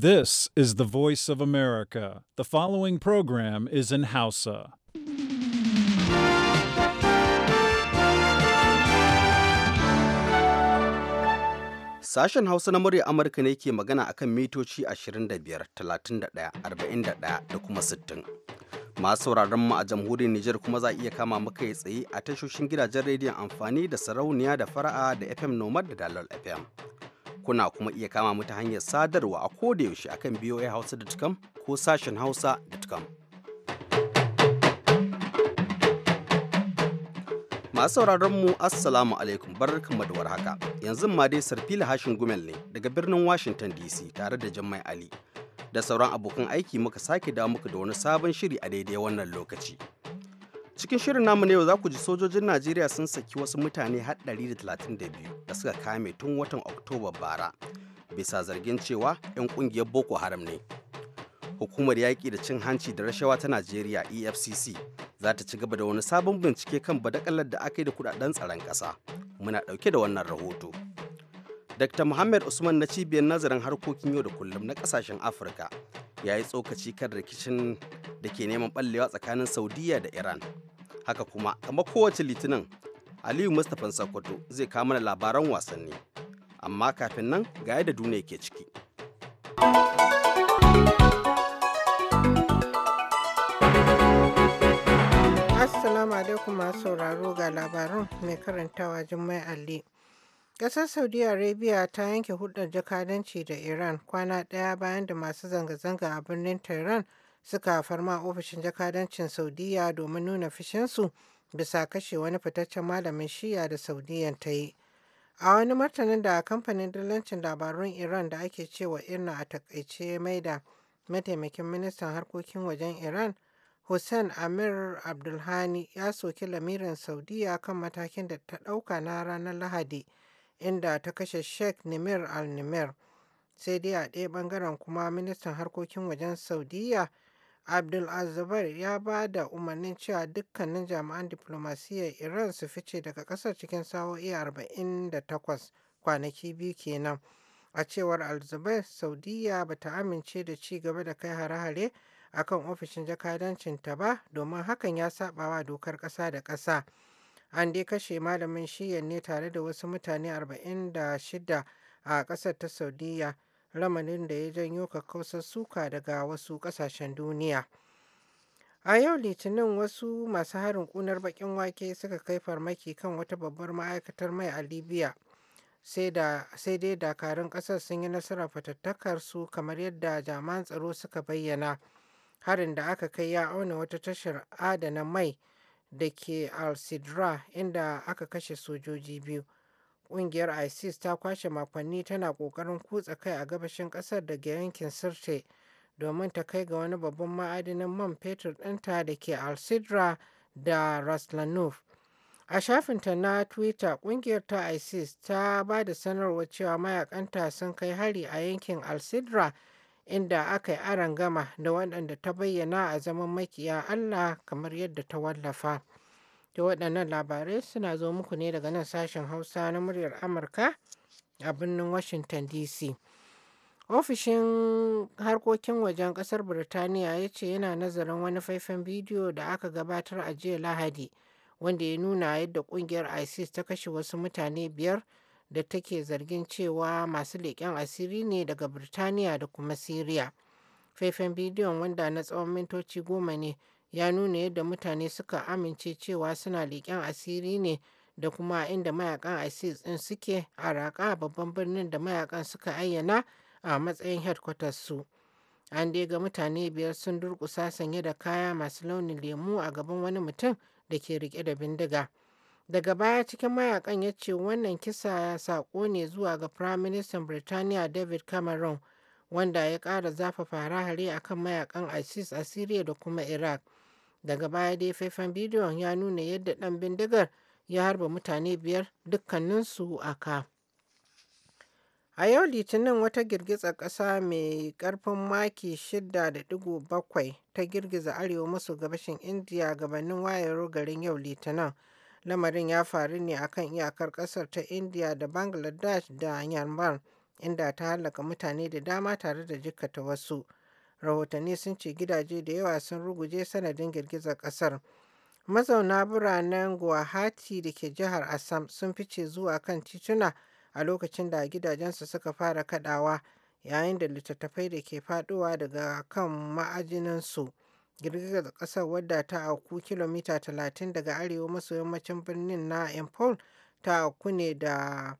This is the voice of America. The following program is in Hausa. Sashen Hausa na murya Amurka ne ke magana akan mitoci 25, 31, 41 da kuma 60. Masu sauraron mu a jamhuriyar Nijar kuma za a iya kama muka yi tsaye a tashoshin gidajen rediyon amfani da sarauniya da fara'a da FM Nomad da Dalal FM. kuna kuma iya kama mu ta hanyar sadarwa a kodayaushe akan voahausa.com ko sashen hausa.com. Masu sauraron mu Assalamu alaikum barkanmu da warhaka. Yanzu ma dai Sarfila Hashin Gumel ne daga birnin Washington DC tare da mai Ali. Da sauran abokan aiki muka sake dawo muku da wani sabon shiri a daidai wannan lokaci. cikin shirin namu ne yau za ku ji sojojin najeriya sun saki wasu mutane har 132 da suka kame tun watan oktoba bara bisa zargin cewa 'yan kungiyar boko haram ne hukumar yaƙi da cin hanci da rashawa ta najeriya efcc za ta ci gaba da wani sabon bincike kan badakalar da aka yi da kudaden tsaron ƙasa muna ɗauke da wannan rahoto dr muhammad usman na cibiyar nazarin harkokin yau da kullum na ƙasashen afirka ya yi tsokaci kan rikicin da ke neman ɓallewa tsakanin saudiya da iran haka kuma kamar kowace litinin aliyu mustapha sakoto zai kama mana labaran wasanni amma kafin nan ga yadda duniya ke ciki assalamu alaikum masu sauraro ga labaran mai karantawa jummai ali Ƙasar Saudi Arabia ta yanke hudar jakadanci da Iran kwana ɗaya bayan da masu zanga-zanga a birnin Tehran suka farma ofishin jakadancin saudiya domin nuna fishinsu bisa kashe wani fitaccen malamin shiya da saudiyan ta yi a wani martanin da kamfanin dillancin labarun iran da ake cewa irna a takaice mai da mataimakin ministan harkokin wajen iran hussein amir abdulhani ya soki lamirin saudiya kan matakin da ta ɗauka na ranar lahadi inda ta kashe sheikh nimir al-nimir sai dai a ɗaya ɓangaren kuma ministan harkokin wajen saudiya Abdul-Azzabar ya ba da umarnin cewa dukkanin jami'an diflomasiyyar Iran su fice daga ƙasar cikin sa'o'i 48 kwanaki biyu kenan. A cewar Alzubar, Saudiyya Saudiya ba ta amince da ci gaba da kai hare-hare a kan ofishin jakadancinta ba domin hakan ya saɓawa dokar ƙasa da ƙasa. An dai kashe malamin shiyan ne tare da wasu mutane 46 a ƙasar ta Saudiya. ramanin da ya janyo kakkausar suka daga wasu ƙasashen duniya. A yau Litinin wasu masu harin kunar bakin wake suka kai farmaki kan wata babbar ma'aikatar mai a Libya. Sai dai dakarun ƙasar sun yi nasarar fatattakar su kamar yadda jaman tsaro suka bayyana. Harin da aka kai ya auna wata tashar adana mai da ke Al-Sidra inda aka kashe sojoji biyu. Ƙungiyar ISIS ta kwashe makonni tana ƙoƙarin kutsa kai a gabashin ƙasar daga yankin Sirte domin ta kai ga wani babban ma'adinin man fetur ɗinta da ke Al-Sidra da Raslanuf. A shafinta na Twitter, ƙungiyar ta ISIS ta ba da sanarwar cewa mayakanta sun kai hari a yankin Al-Sidra inda aka yi gama da waɗanda ta bayyana a zaman makiya Allah kamar yadda ta wallafa. Da waɗannan labarai suna zo muku ne daga nan sashen Hausa na muryar Amurka a birnin Washington DC. Ofishin harkokin wajen ƙasar Birtaniya ya ce yana nazarin wani faifan bidiyo da aka gabatar a jiya Lahadi wanda ya nuna yadda ƙungiyar ISIS ta kashe wasu mutane biyar da take zargin cewa masu leƙen asiri ne daga Birtaniya da kuma Siriya. Faifan bidiyon wanda na tsawon mintoci goma ne ya nuna yadda mutane suka amince cewa suna leƙen asiri ne da kuma inda mayakan isis ɗin suke a raƙa babban birnin da mayakan suka ayyana a matsayin headquarters su an dai ga mutane biyar sun durƙusa sanye da kaya masu launin lemu a gaban wani mutum da ke rike da bindiga daga baya cikin mayakan ya ce wannan kisa ya saƙo ne zuwa ga prime minister birtaniya david cameron wanda ya ƙara zafafa hare-hare akan mayakan isis a syria da kuma iraq daga baya dai faifan bidiyon ya nuna yadda dan bindigar ya harba mutane biyar dukkaninsu a ka a yau litinin wata girgizar ƙasa mai karfin maki 6.7 ta girgiza arewa maso gabashin indiya gabanin wayar garin yau litinin lamarin ya faru ne akan iyakar ƙasar ta indiya da bangladesh da myanmar inda ta halaka mutane da dama tare da jikkata wasu rahotanni sun ce gidaje da yawa sun ruguje sanadin girgizar kasar mazauna biranen guwahati da ke jihar assam sun fice zuwa kan tituna a lokacin da gidajensu suka fara kadawa yayin da littattafai da ke faduwa daga kan ma'ajinansu girgizar kasar wadda ta auku kilomita 30 daga arewa maso yammacin birnin na impol ta auku ne da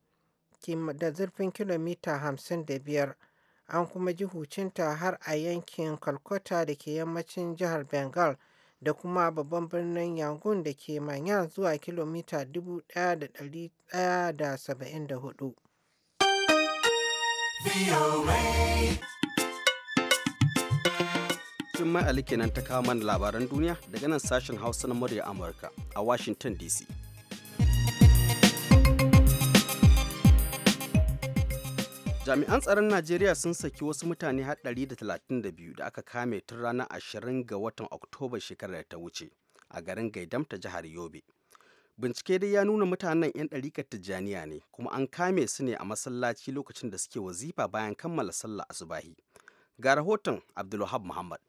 zurfin kilomita 55 an kuma ji hucinta har a yankin Calcutta da ke yammacin jihar Bengal da kuma babban birnin Yangon da ke manya zuwa kilomita 1,174. Jummai Ali nan ta kawo mana labaran duniya daga nan sashen Hausa na murya Amurka a Washington DC. jami'an tsaron najeriya sun saki wasu mutane har 132 da biyu da aka kame tun ranar ashirin ga watan oktoba shekarar da ta wuce a garin gaidamta jihar yobe bincike dai ya nuna mutanen 'yan ɗarikar tijjaniya ne kuma an kame su ne a masallaci lokacin da suke wazifa bayan kammala sallah asubahi ga rahoton abdulwahab muhammad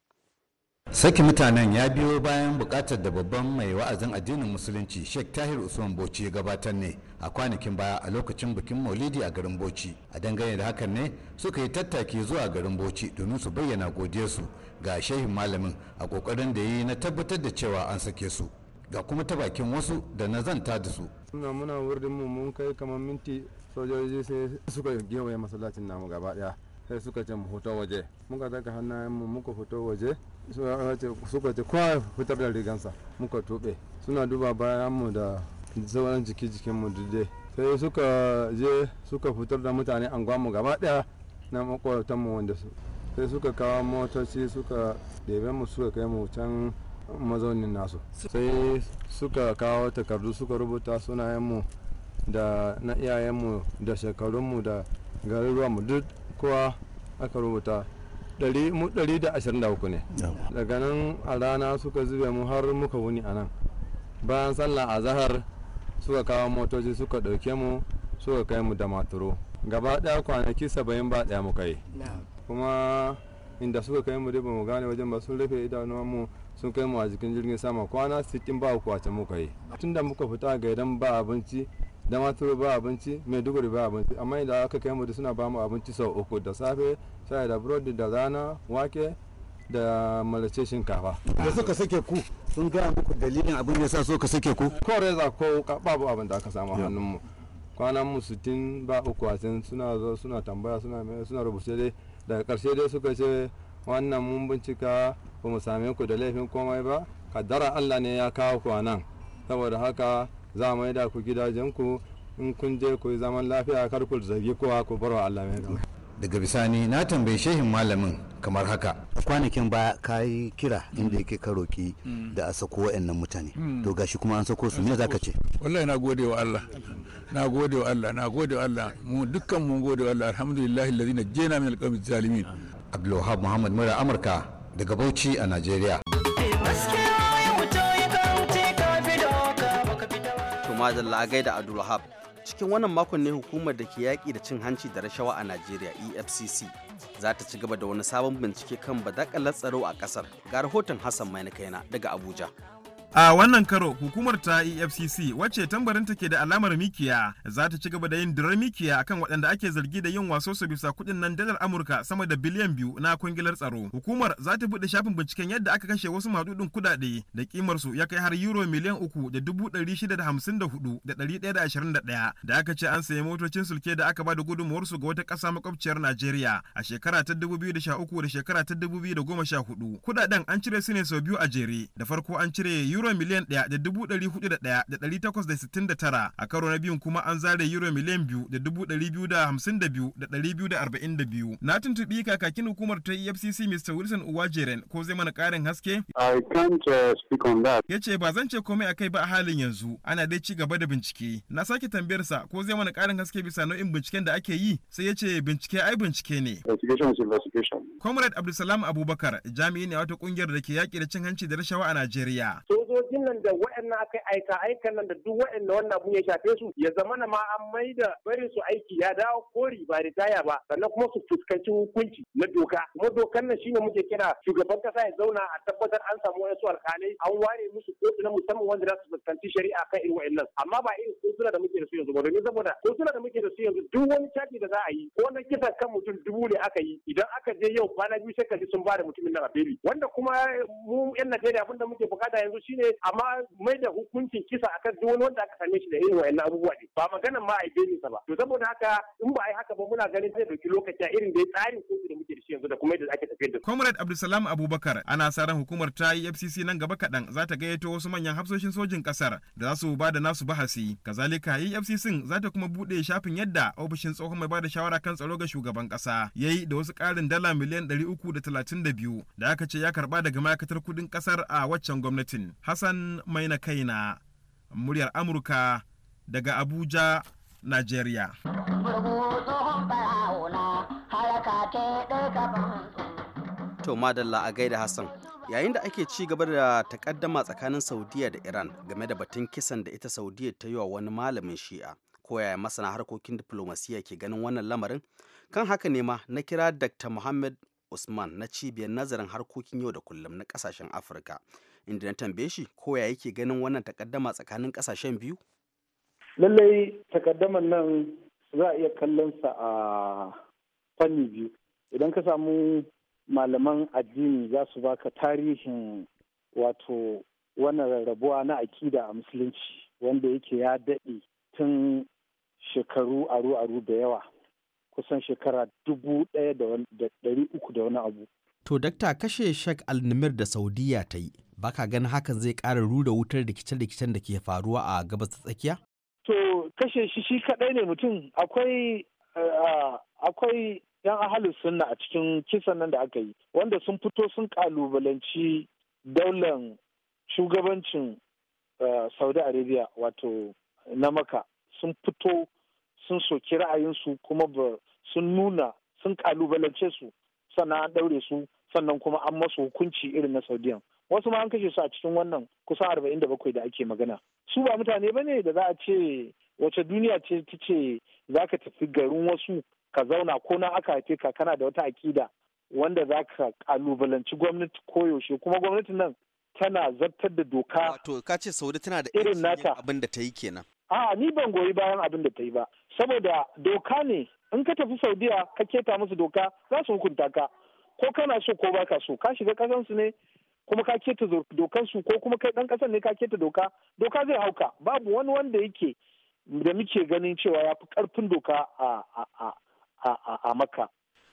Saki mutanen ya biyo bayan bukatar da babban mai wa'azin addinin musulunci Sheikh Tahir Usman Bauchi ya gabatar ne a kwanakin baya a lokacin bikin Maulidi a garin Bauchi. A dangane da hakan ne suka yi tattaki zuwa garin Bauchi domin su bayyana godiyarsu ga shehin malamin a kokarin da yi na tabbatar da cewa an sake su. Ga kuma ta bakin wasu da na zanta da su. Muna muna wurin mu mun kai kamar minti sojoji sai suka gewaye masallacin namu gaba daya sai suka ce mu hoto waje. Muka daga hannayen mu muka hoto waje suka ce kowa fitar da rigansa muka tuɓe suna duba bayan mu da sauran jiki jikin mu sai suka je suka fitar da mutane mu gaba daya na makwabtan mu wanda su sai suka kawo motoci suka ɗebe mu suka kai mu can mazaunin nasu sai suka kawo takardu suka rubuta sunayenmu da na iyayenmu da mu da garuruwanmu duk kowa aka rubuta 123 ne daga nan a rana suka zube mu har muka wuni a nan bayan sallah a zahar suka kawo motoci suka ɗauke mu suka kai mu da maturo gaba ɗaya kwanaki saba'in ba ɗaya muka yi kuma inda suka kai mu ba mu gane wajen ba sun rufe idanuwan mu sun kai mu a jikin jirgin sama kwana sittin ba kwace muka yi tunda muka fita ga idan ba abinci da maturu ba abinci maiduguri ba abinci amma idan aka kai mu suna ba mu abinci sau uku da safe shayi da burodi da rana wake da malace shinkafa da suka sake ku sun gaya muku dalilin abin da sa so ka sake ku ko reza ko babu abin da aka samu hannun mu kwanan mu sittin ba uku a suna zo suna tambaya suna suna rubuce dai daga karshe dai suka ce wannan mun bincika ba mu same ku da laifin komai ba kaddara Allah ne ya kawo ku saboda haka za a maida ku gidajenku in kun je ku yi zaman lafiya kar ku zargi kowa ku barwa Allah mai daga bisani na tambayi shehin malamin kamar haka kwanakin baya ka yi kira inda yake ka roki da a sako wa'annan mutane to gashi kuma an sako su me zaka ce wallahi na gode wa Allah na gode wa Allah na gode wa Allah mu dukkan mu gode wa Allah alhamdulillah alladhi najjana min alqawmi zalimin Abdulwahab Muhammad Mura Amurka daga Bauchi a Najeriya. lagai da abdulhab cikin wannan makon ne hukumar da ke yaƙi da cin hanci da rashawa a najeriya efcc za ta ci gaba da wani sabon bincike kan badakalar tsaro a ƙasar ga rahoton hassan mai kaina daga abuja A wannan karo hukumar ta EFCC wacce tambarinta ke da alamar mikiya za ta ci gaba da yin dirar mikiya akan waɗanda ake zargi da yin waso su bisa kuɗin nan dalar Amurka sama da biliyan biyu na kungilar tsaro. Hukumar za ta buɗe shafin binciken yadda aka kashe wasu madudin kuɗaɗe da kimar su ya kai har euro miliyan uku da dubu ɗari shida da hamsin da hudu da ɗari ɗaya da ashirin da ɗaya da aka ce an sayi motocin sulke da aka ba da gudunmuwar su ga wata ƙasa makwabciyar Najeriya a shekara ta dubu biyu da sha uku da shekara ta dubu biyu da goma sha hudu. Kuɗaɗen an cire su ne sau biyu a jere da farko an cire euro euro miliyan ɗaya da dubu tara a karo na biyun kuma an zare euro miliyan biyu arba'in biyu. Na tuntuɓi kakakin hukumar ta EFCC Mr. Wilson Uwajeren ko zai mana ƙarin haske? I can't uh, speak on that. Ya ce ba zan ce komai akai ba a halin yanzu ana dai ci gaba da bincike. Na sake tambayarsa ko zai mana ƙarin haske bisa nau'in binciken da ake yi sai ya ce bincike ai bincike ne. Comrade Abdulsalam Abubakar jami'i ne wata ƙungiyar da ke yaƙi da cin hanci da rashawa a Najeriya. sojojin nan da waɗannan aka aika aikan nan da duk na wannan abun ya shafe su ya zama na ma an maida barin su aiki ya dawo kori ba ritaya ba sannan kuma su fuskanci hukunci na doka kuma dokan nan shine muke kira shugaban kasa ya zauna a tabbatar an samu wasu alkalai an ware musu kotu na musamman wanda za su fuskanci shari'a kan irin waɗannan amma ba irin kotuna da muke da su yanzu ba domin saboda kotuna da muke da su yanzu duk wani caji da za a yi ko na kisa kan mutum dubu ne aka yi idan aka je yau kwana biyu sai ka sun ba da mutumin nan a beli wanda kuma mu 'yan Najeriya abinda muke bukata yanzu shine ne amma mai da hukuncin kisa akan duk wanda aka same shi da irin wayannan abubuwa ne ba maganan ma a yi sa ba to saboda haka in ba a yi haka ba muna ganin zai dauki lokaci a irin dai tsarin kotu da muke da shi yanzu da kuma yadda ake tafiyar da Comrade Abdulsalam Abubakar ana sa ran hukumar ta yi e fcc nan gaba kaɗan za ta gayyato wasu manyan hafsoshin sojin ƙasar da za su ba da nasu bahasi kazalika e fcc za ta kuma buɗe shafin yadda ofishin tsohon mai ba da shawara kan tsaro ga shugaban ƙasa yi da wasu ƙarin dala miliyan 332 da aka ce ya karɓa daga ma'aikatar kuɗin ƙasar a waccan gwamnatin Hassan Maina na muryar Amurka daga Abuja, Najeriya. To madalla a gaida Hassan. Yayin da ake ci gaba da takaddama tsakanin Saudiya da Iran game da batun kisan da ita Saudiya ta yi wa wani malamin Shi'a, ko yaya masana harkokin diplomasiya ke ganin wannan lamarin? Kan haka ne ma na kira Dr. Muhammad Usman na cibiyar nazarin harkokin yau da kullum na kasashen Afirka inda na tambaye shi ko ya yake ganin wannan takaddama tsakanin kasashen biyu lallai takaddaman nan za a iya kallon sa a fanni biyu idan ka samu malaman addini za su baka tarihin wato wannan rarrabuwa na akida a musulunci wanda yake ya daɗe tun shekaru aru-aru da yawa kusan shekara dubu ɗaya da ɗari uku da wani abu. To, dakta kashe Sheikh Alnimir da Saudiya ta yi, baka ganin hakan zai ƙara rura wutar rikice-rikicen da ke faruwa a gabas ta tsakiya? To kashe shi shi kaɗai ne mutum akwai eh, ah, akwai yan ahalin sunna a cikin kisan nan da aka yi wanda sun fito sun kalubalanci daular shugabancin eh, saudi arabia wato na maka sun fito sun soki ra'ayinsu kuma ba sun nuna sun kalubalance su sannan an daure su sannan kuma an masu hukunci irin na saudiyan wasu ma an kashe su a cikin wannan kusan arba'in da bakwai da ake magana su ba mutane ba ne da za a ce wace duniya ce ta ce za ka tafi garin wasu ka zauna ko na aka haife ka kana da wata aƙida wanda za ka kalubalanci gwamnati ko yaushe kuma gwamnatin nan tana zartar da doka wato ka ce saudi tana da irin nata abin da ta yi kenan a ni ban goyi bayan abin da ta yi ba saboda doka ne in ka tafi saudiya ka keta musu doka za su hukunta ka ko kana so ko baka so ka shiga kasansu ne kuma ka keta dokan su ko kuma kai dan kasar ne ka keta doka doka zai hauka babu wani wanda yake da muke ganin cewa ya fi karfin doka a maka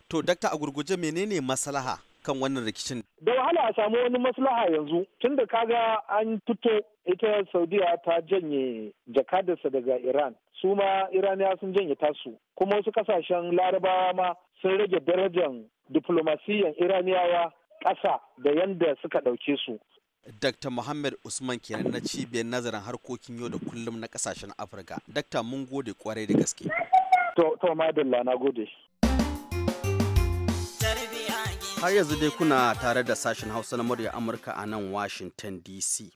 to dakta a gurguje menene maslaha kan wannan rikicin da wahala a samu wani maslaha yanzu tun da kaga an fito ita saudiya ta janye jakadarsa daga iran su ma iraniya sun janye tasu kuma wasu kasashen larabawa ma sun rage darajar diplomasiyan iraniyawa ƙasa da yadda suka ɗauke su. Dr. Muhammad Usman kenan na cibiyar nazarin harkokin yau da kullum na ƙasashen Afirka. Dr. mun gode kwarai da gaske. to madalla na gode. Har yanzu dai kuna tare da sashen Hausa na murya Amurka a nan Washington DC.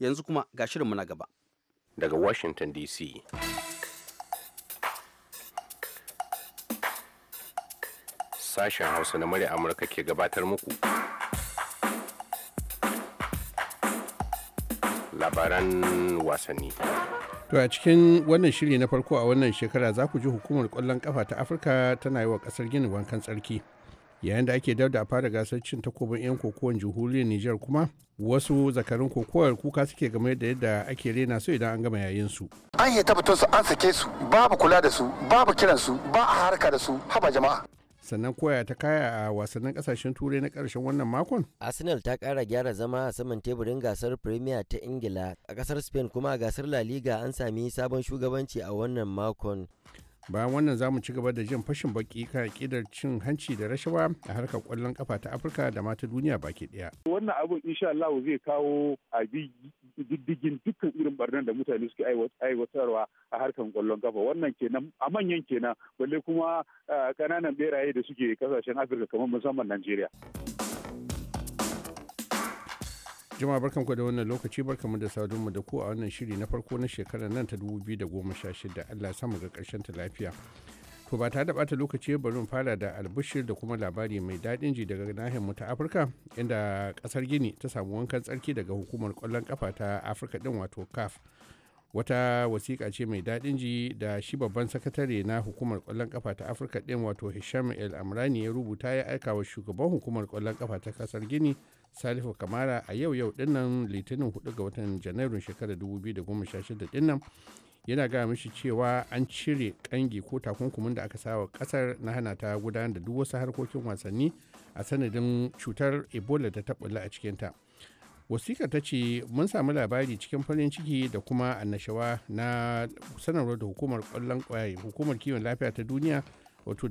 Yanzu kuma ga shirinmu na gaba. Daga Washington DC. sashen hausa na murya amurka ke gabatar muku labaran wasanni to a cikin wannan shiri na farko a wannan shekara za ku ji hukumar kwallon kafa ta afirka tana yi wa kasar gini wankan tsarki yayin da ake dauda a fara gasar cin takobin 'yan kokowar jihuriyar niger kuma wasu zakarun kokowar kuka suke game da yadda ake rena su idan an gama yayin su an yi tabbatar su an sake su babu kula da su babu kiran su ba a harka da su haba jama'a sannan koya ta kaya a wasannin kasashen turai na karshen wannan makon arsenal ta kara gyara zama a saman teburin gasar premier ta ingila a ƙasar spain kuma a gasar la liga an sami sabon shugabanci a wannan makon bayan wannan za mu ci gaba da jin fashin baki kan kidar cin hanci da rashawa a harkar kwallon kafa ta afirka da ma ta duniya baki daya wannan abin insha Allah zai kawo abiyi bi diddigin dukkan irin barnan da mutane suke aiwatarwa a harkar kwallon kafa wannan kenan a manyan kenan balle kuma kananan beraye da suke kasashen afirka kamar musamman najeriya jama'a barkan da wannan lokaci barkanmu da sadunmu da ku a wannan shiri na farko na shekarar nan ta 2016 allah samu ga karshen ta lafiya To ba ta da bata lokaci bari mu fara da albushir da kuma labari mai daɗin ji daga nahiyar mu ta Afirka inda ƙasar Gini ta samu wankan tsarki daga hukumar ƙwallon kafa ta Afirka ɗin wato CAF. Wata wasiƙa ce mai daɗin ji da shi babban sakatare na hukumar ƙwallon kafa ta Afirka ɗin wato Hisham El Amrani ya rubuta ya aika wa shugaban hukumar ƙwallon kafa ta ƙasar Gini Salifu Kamara a yau yau dinnan Litinin 4 ga watan Janairun shekarar 2016 dinnan yana gaya mishi cewa an cire kangi ko takunkumin da aka sawa kasar na hana ta gudanar da duk wasu harkokin wasanni a sanadin cutar ebola da ta taɓulla a cikinta wasikar ta ce mun samu labari cikin farin ciki da kuma annashawa na sanarwar da hukumar kwallon hukumar kiwon lafiya ta duniya wato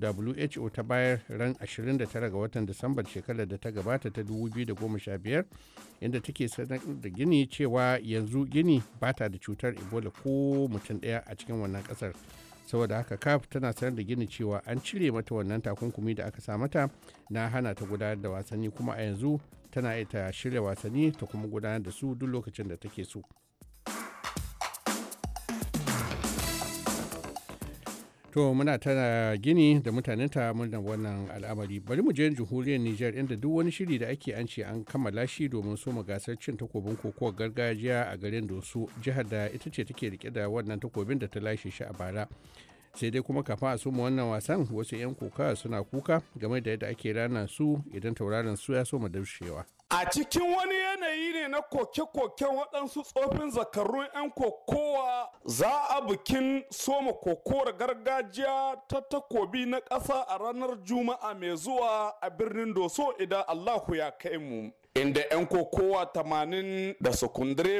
who ta bayar ran 29 ga watan disambar shekarar da ta gabata ta 2015 inda take sanar da gini cewa yanzu gini bata da cutar ebola ko mutum daya a cikin wannan kasar saboda haka kaf tana sanar da gini cewa an cire mata wannan takunkumi da aka sa mata na hana ta gudanar da wasanni kuma a yanzu tana ita shirya wasanni ta kuma gudanar da su duk lokacin da take so. to muna tana gini da mutanen ta murnar wannan al'amari bari mu je jamhuriyar niger inda duk wani shiri da ake an ce an kammala shi domin soma gasar cin takobin kokowar gargajiya a garin dosu jihar da ita ce take rike da wannan takobin da ta lashe shi a bara sai dai kuma kafin a soma wannan wasan wasu 'yan koka suna kuka game da yadda ake rana su idan tauraron su ya soma daushewa a cikin wani yanayi ne na koke-koken waɗansu tsofin zakarun 'yan kokowa za a bikin soma kokowar gargajiya ta takobi na ƙasa a ranar juma'a mai zuwa a birnin doso idan allahu ya kai mu inda 'yan kokowa tamanin da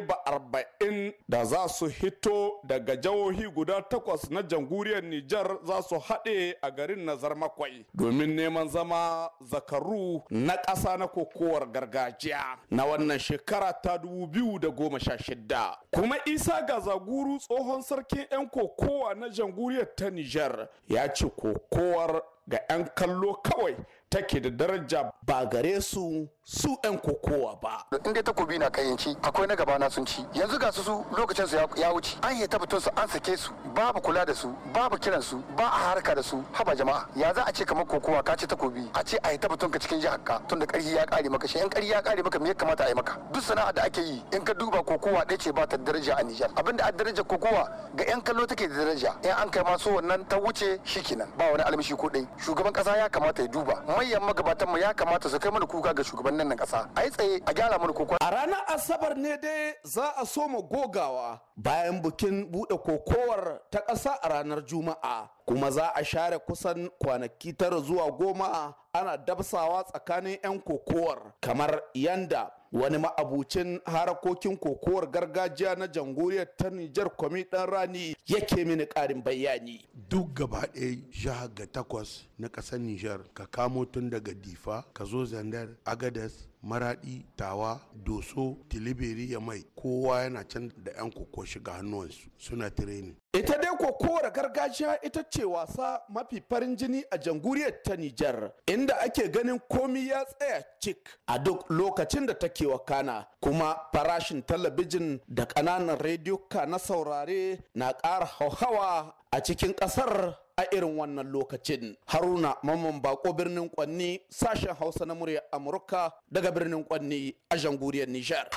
ba arba'in da za su hito daga jihohi guda takwas na jamhuriyar Nijar za su haɗe a garin Nazar Makwai domin neman zama zakaru na ƙasa na kokowar gargajiya na wannan shekara ta da goma sha shidda. kuma isa gazaguru tsohon sarkin 'yan kokowa na jamhuriyar ta Nijar ya ce kokowar ga 'yan kallo kawai take da daraja ba gare su su 'yan kokowa ba. In dai takobi na kan akwai na gabana sun ci yanzu ga su lokacin su ya wuce an yi tabbatun su an sake su babu kula da su babu kiran su ba a harka da su haba jama'a ya za a ce kamar kokowa ka ci takobi a ce a yi tabbatun ka cikin jihar ka tun da ƙarfi ya ƙare maka shi in ƙarfi ya ƙare maka me ya kamata a yi maka duk sana'a da ake yi in ka duba kokowa ɗaya ce ba ta daraja a Nijar da a daraja kokowa ga 'yan kallo take da daraja in an kai ma so wannan ta wuce shikenan ba wani almishi ko ɗai shugaban ƙasa ya kamata ya duba manyan magabatan mu ya kamata su kai mana kuka ga shugabannin nan kasa a tsaye a gyara mana koko a ranar asabar ne dai za a so mu gogawa bayan bikin bude kokowar ta ƙasa a ranar juma'a kuma za a share kusan kwanaki tara zuwa goma ana dabsawa tsakanin 'yan kokowar kamar yanda wani ma'abucin harakokin kokowar gargajiya na jamhuriyar ta Nijar kwami ɗan rani yake mini karin bayani. Duk gaba ɗaya jihar ga takwas na ƙasar Nijar ka kamo tun daga Difa ka zo Zandar Agadas Maraɗi, tawa doso tilibiri ya mai kowa yana can da yan koko shiga hannuwansu suna tireni ita dai kokowar gargajiya ita ce wasa mafi farin jini a jamhuriyar ta nijar inda ake ganin komi ya tsaya cik a duk lokacin da take wakana kuma farashin talabijin da ƙananan rediyo na saurare na ƙara hauhawa a cikin ƙasar a irin wannan lokacin haruna mamman bako birnin kwanni sashen hausa na murya amurka daga birnin kwanni a janguriyar nijar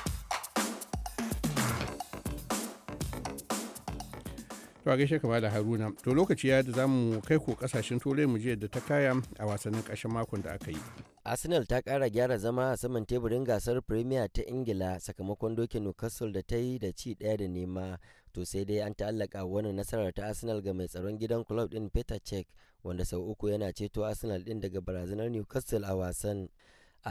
to a gaishe kama da haruna to lokaci ya da za mu kai ko kasashen turai mu je da ta kaya a wasannin ƙarshen makon da aka yi arsenal ta kara gyara zama a saman teburin gasar premier ta ingila sakamakon dokin newcastle da ta yi da ci ɗaya da nema to sai dai an ta'allaka wani nasarar ta arsenal ga mai tsaron gidan club din peter cech wanda sau uku yana ceto arsenal din daga barazanar newcastle a wasan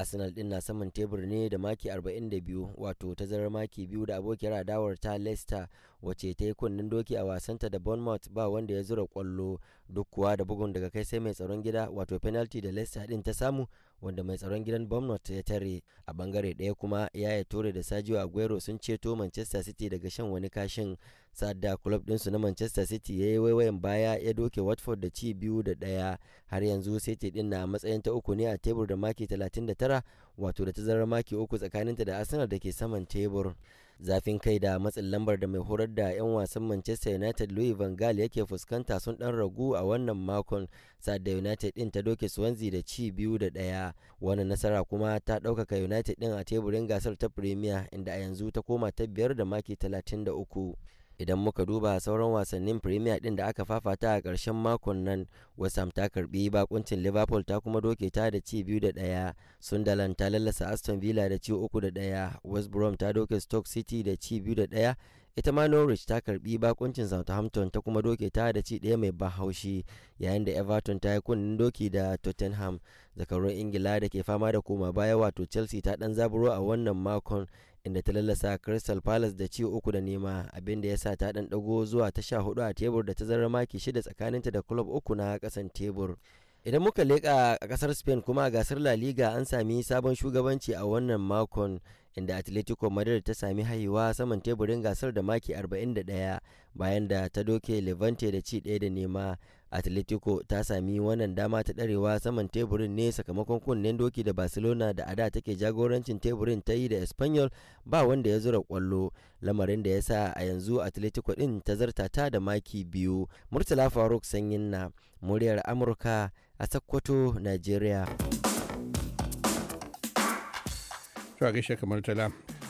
arsenal din na saman tebur ne da maki 42 wato tazarar maki biyu da abokiyar adawar ta leicester wace ta yi kunnen doki a wasanta da bournemouth ba wanda ya zura kwallo duk kuwa da bugun daga kai sai mai tsaron gida wato penalty da leicester din ta samu wanda mai tsaron gidan bournemouth ya tare a bangare daya kuma ya yi tore da sajiyo aguero sun ceto manchester city daga shan wani kashin sadda club su na manchester city ya yi waiwayen baya ya doke watford da ci biyu da daya har yanzu city din na matsayin ta uku ne a tebur da maki 39 wato da tazarar maki uku tsakaninta da arsenal da ke saman tebur zafin kai da matsin lambar da mai horar da 'yan wasan manchester united louis van gaal yake fuskanta sun dan ragu a wannan makon sada united din ta doke swansea da ci biyu da daya wannan nasara kuma ta ɗaukaka united din a teburin gasar ta premier inda a yanzu ta koma ta biyar da maki 33 idan muka duba sauran wasannin premier din da aka fafata a karshen makon nan west ta karbi bakuncin liverpool ta kuma doke ta da ci biyu da ɗaya sunderland ta lallasa aston villa da ci uku da ɗaya west brom ta doke stoke city da ci biyu da ɗaya ita ma norwich ta karbi bakuncin southampton ta kuma doke ta da ci ɗaya mai bahaushi yayin da everton ta yi kunnin doki da tottenham zakarun ingila da ke fama da koma baya wato chelsea ta ɗan zaburo a wannan makon inda ta lallasa crystal palace da ci uku da nema abinda ya sa ta dan dago zuwa ta sha hudu a tebur da ta zarra maki shida tsakaninta da club uku na kasan tebur idan muka leƙa a ƙasar spain kuma a gasar la liga an sami sabon shugabanci a wannan makon inda atletico madrid ta sami haihuwa saman teburin gasar da maki 41 bayan da ta doke levante da ci ɗaya da nema atletico ta sami wannan dama ta ɗarewa saman teburin ne sakamakon kunnen doki da barcelona da ada take jagorancin teburin ta yi da espanyol ba wanda ya zura kwallo lamarin da ya sa a yanzu atletico din ta zarta ta da maki biyu murtala faruk sanyin na muryar amurka a sakkwato nigeria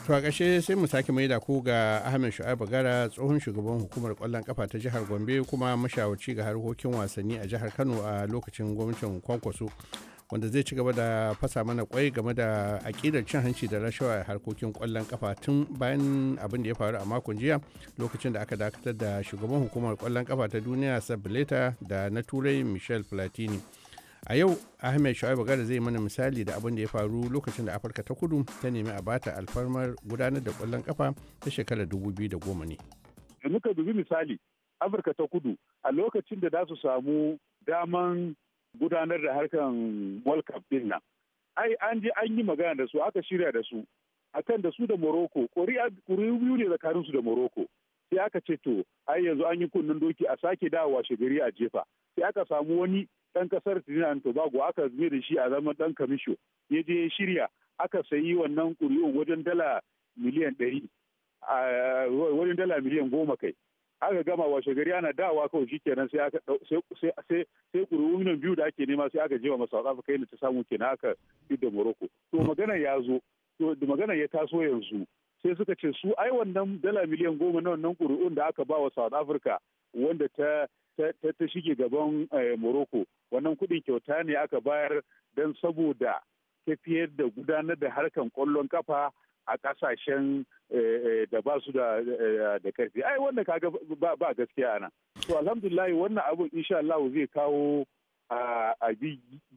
To a ƙashe sai mu sake mai da ga Ahmed Shu'aibu bagara tsohon shugaban hukumar kwallon kafa ta jihar Gombe kuma mashawarci ga harkokin wasanni a jihar Kano a lokacin gwamnatin Kwankwaso wanda zai ci gaba da fasa mana kwai game da aƙidar cin hanci da rashawa a harkokin ƙwallon kafa tun bayan abin da ya faru a makon jiya lokacin da aka dakatar da shugaban hukumar kwallon kafa ta duniya Sabileta da na Turai Michel Platini. a yau ahmed shu'aibu gara zai mana misali da abin da ya faru lokacin da afirka ta kudu ta nemi a bata alfarmar gudanar da kwallon kafa ta shekarar goma ne da muka dubi misali afirka ta kudu a lokacin da za su samu daman gudanar da harkar world cup din nan ai an je an yi magana da su aka shirya da su akan da su da morocco kuri'u biyu ne su da morocco sai aka ce to ai yanzu an yi kunnen doki a sake dawowa shigari a jefa sai aka samu wani ɗan ƙasar Trinidad an Tobago aka mai da shi a zaman ɗan kamisho ya je ya shirya aka sayi wannan ƙuri'un wajen dala miliyan ɗari wajen dala miliyan goma kai aka gama washe gari ana dawa kawai shi kenan sai aka sai ƙuri'un nan biyu da ake nema sai aka wa masu South kai yadda ta samu kenan aka fi da Morocco to magana ya zo to magana ya taso yanzu sai suka ce su ai wannan dala miliyan goma na wannan ƙuri'un da aka ba wa south africa wanda ta ta shige gaban eh, morocco wannan kuɗin kyauta ne aka bayar don saboda tafiyar da gudanar da harkan kwallon kafa a kasashen eh, eh, da ba su da karfi ai wannan kaga ba gaskiya ana to alhamdulillah wannan abu insha Allah zai kawo a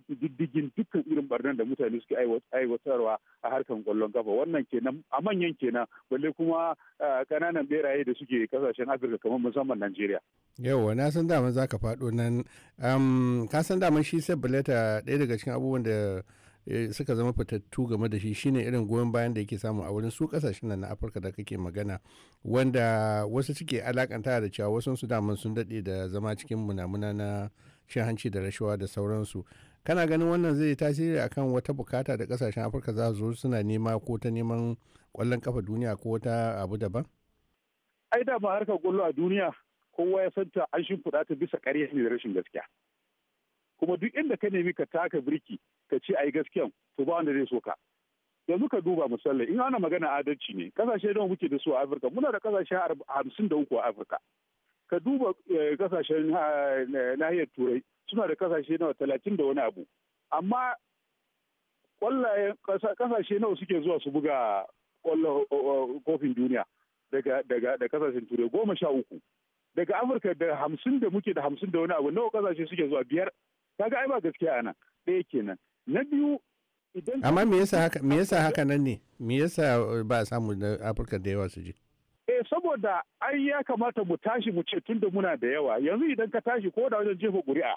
diddigin dukkan irin barnan da mutane suke aiwatarwa a harkar kwallon kafa wannan kenan a manyan kenan balle kuma kananan beraye da suke kasashen afirka kamar musamman najeriya yauwa na san daman za ka faɗo nan ka san daman shi sai baleta ɗaya daga cikin abubuwan da e, suka zama fitattu game da shi shine irin goyon bayan da yake samu a wurin su kasashen nan na afirka da kake magana wanda wasu suke alakanta da cewa wasu su daman sun daɗe da zama cikin munamuna na cin hanci da rashawa da sauransu kana ganin wannan zai tasiri akan wata bukata da kasashen afirka za su suna nema ko ta neman kwallon kafa duniya ko wata abu daban ai da ba harkar kwallo a duniya kowa ya santa an shimfiɗa ta bisa ƙarya ne da rashin gaskiya kuma duk inda ka nemi ka taka birki ka ce ai gaskiyan to ba wanda zai so ka yanzu ka duba misali in ana magana adalci ne kasashe nawa muke da su a afirka muna da kasashe hamsin da uku a afirka ka duba eh, kasashen eh, nahiyar turai suna da kasashe nawa talatin da wani abu amma kwallayen kasashe nawa suke zuwa su buga kwallon kofin duniya daga kasashen turai goma sha uku daga afirka da hamsin da muke da hamsin da wani abu nawa kasashe suke zuwa biyar kaga ai ba gaskiya ana ɗaya kenan na biyu idan amma me yasa haka me yasa haka nan ne me yasa ba samu da afirka da yawa su je Eh saboda ai ya kamata mu tashi mu ce tunda muna da yawa yanzu idan ka tashi ko da wajen jefa ƙuri'a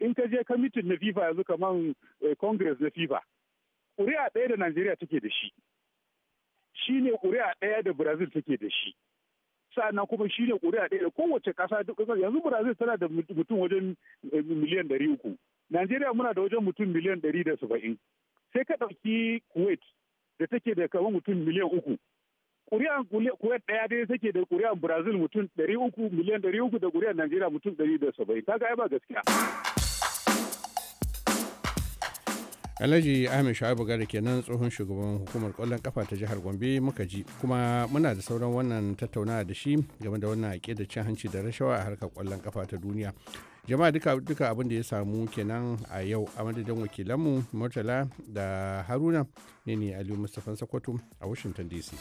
in ka je kamitin na FIFA yanzu kaman eh, Congress na FIFA ƙuri'a ɗaya da Najeriya take da shi shi ne ƙuri'a ɗaya da Brazil take da shi sannan kuma shi ne ƙuri'a ɗaya da kowace ƙasa duk ƙasar yanzu Brazil tana da mutum wajen eh, miliyan ɗari uku Najeriya muna da wajen mutum miliyan ɗari da saba'in sai ka ɗauki Kuwait da take da kamar mutum miliyan uku ƙuri'an kuwait ɗaya dai take da ƙuri'an brazil mutum ɗari miliyan ɗari da ƙuri'an najeriya mutum ɗari da saba'in ai ba gaskiya alhaji ahmed sha'abu Gada kenan tsohon shugaban hukumar kwallon kafa ta jihar gombe muka ji kuma muna da sauran wannan tattaunawa da shi game da wannan haƙe da cin hanci da rashawa a harkar kwallon kafa ta duniya jama'a duka duka abin da ya samu kenan a yau a madadin wakilanmu murtala da haruna ne ne aliyu mustapha sakwato a washington dc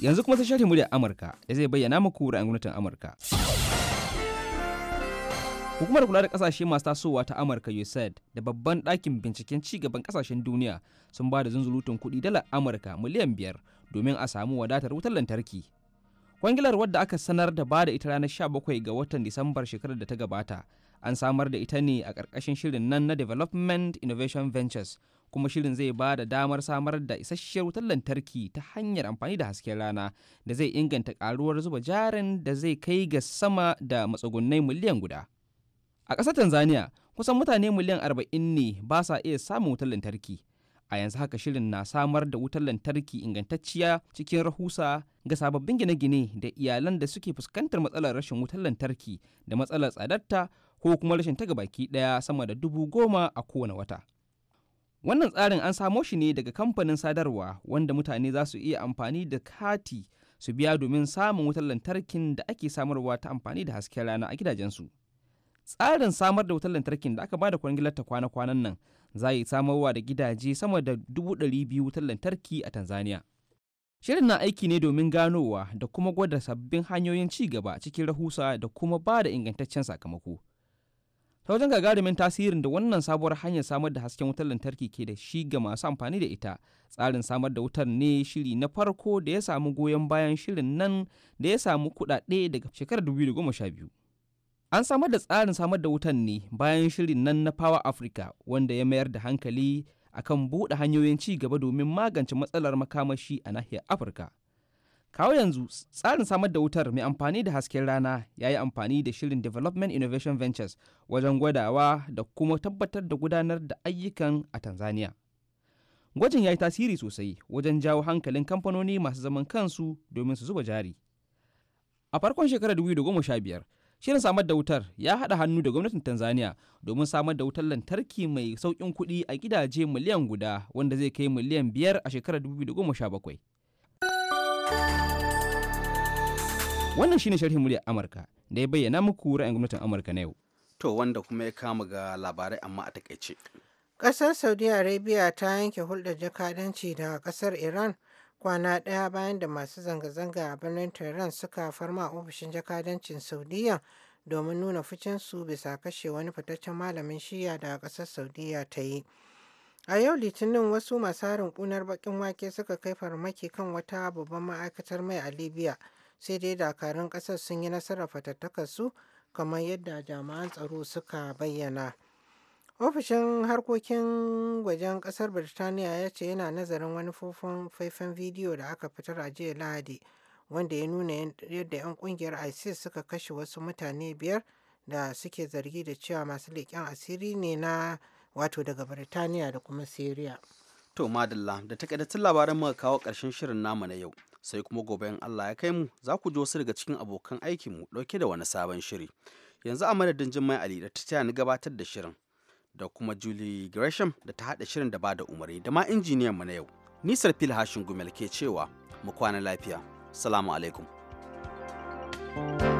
Yanzu kuma sai shirin muryar Amurka da zai bayyana muku ra'ayin gwamnatin Amurka. Hukumar kula da kasashe masu tasowa ta Amurka USAID da babban ɗakin binciken ci gaban kasashen duniya sun ba da zunzulutun kuɗi dala Amurka miliyan biyar domin a samu wadatar wutar lantarki. Kwangilar wadda aka sanar da ba da ita ranar 17 ga watan Disambar shekarar da ta gabata an samar da ita ne a ƙarƙashin shirin nan na development innovation ventures kuma shirin zai ba da damar samar da isasshiyar wutar lantarki ta hanyar amfani da hasken rana da zai inganta ƙaruwar zuba jarin da zai kai ga sama da matsugunai miliyan guda a ƙasar tanzania kusan mutane miliyan arba'in ne ba sa iya samun wutar lantarki a yanzu haka shirin na samar da wutar lantarki ingantacciya cikin rahusa ga sababbin gine-gine da iyalan da suke fuskantar matsalar rashin wutar lantarki da matsalar tsadarta ko kuma rashin taga baki daya sama da dubu goma a kowane wata. Wannan tsarin an samo shi ne daga kamfanin sadarwa wanda mutane za su iya amfani da kati su biya domin samun wutar lantarkin da ake samarwa ta amfani da hasken rana a gidajensu. Tsarin samar da wutar lantarkin da aka ba da kwangilar ta kwana-kwanan nan za yi samarwa da gidaje sama da dubu ɗari biyu wutar lantarki a Tanzania. Shirin na aiki ne domin ganowa da kuma gwada sabbin hanyoyin ci gaba cikin rahusa da kuma ba da ingantaccen sakamako. ta wajen gagarumin tasirin da wannan sabuwar hanyar samar da hasken wutar lantarki ke da shi ga masu amfani da ita tsarin samar da wutar ne shiri na farko da ya samu goyon bayan shirin nan da ya samu kudade daga shekarar 2012 an samar da tsarin samar da wutan ne bayan shirin nan na power africa wanda ya mayar da hankali akan buɗe hanyoyin ci gaba domin magance matsalar makamashi a nahiyar afirka kawo yanzu tsarin samar da wutar mai amfani da hasken rana ya yi amfani da shirin development innovation ventures wajen gwadawa da kuma tabbatar da gudanar da ayyukan a tanzania gwajin ya yi tasiri sosai wajen jawo hankalin kamfanoni masu zaman kansu domin su zuba jari a farkon shekarar 2015 shirin samar da wutar ya haɗa hannu da gwamnatin tanzania domin samar da wutar lantarki mai sauƙin kuɗi a gidaje miliyan guda wanda zai kai miliyan biyar a shekarar 2017 Wannan shine sharhin muryar Amurka da ya bayyana muku ra'ayin gwamnatin Amurka na yau. To wanda kuma ya kama ga labarai amma a takaice. Ƙasar Saudi Arabia ta yanke hulɗar jakadanci da ƙasar Iran kwana ɗaya bayan da masu zanga-zanga a birnin Tehran suka farma ofishin jakadancin Saudiya domin nuna ficinsu bisa kashe wani fitaccen malamin shiya da ƙasar Saudiya ta yi. A yau Litinin wasu masu harin ƙunar baƙin wake suka kai farmaki kan wata babban ma'aikatar mai a Libya. sai dai dakarun kasar sun yi nasarar fatattakarsu kamar yadda jami'an tsaro suka bayyana. ofishin harkokin wajen kasar birtaniya ya ce yana nazarin wani faifan bidiyo da aka fitar a jiya lahadi wanda ya nuna yadda 'yan kungiyar isis suka kashe wasu mutane biyar da suke zargi da cewa masu leƙen asiri ne na wato daga birtaniya da kuma syria to madalla da takaitattun labaran muka kawo ƙarshen shirin namu na yau sai kuma gobe in Allah ya kai mu za ku ji wasu daga cikin abokan aikin mu dauke da wani sabon shiri. Yanzu a madadin Jummai Ali da ta taya ni gabatar da shirin da kuma Julie Gresham da ta haɗa shirin da ba da umari da ma injiniyan mu na yau. Nisar Fil Hashin Gumel ke cewa mu kwana lafiya. Salamu alaikum. thank you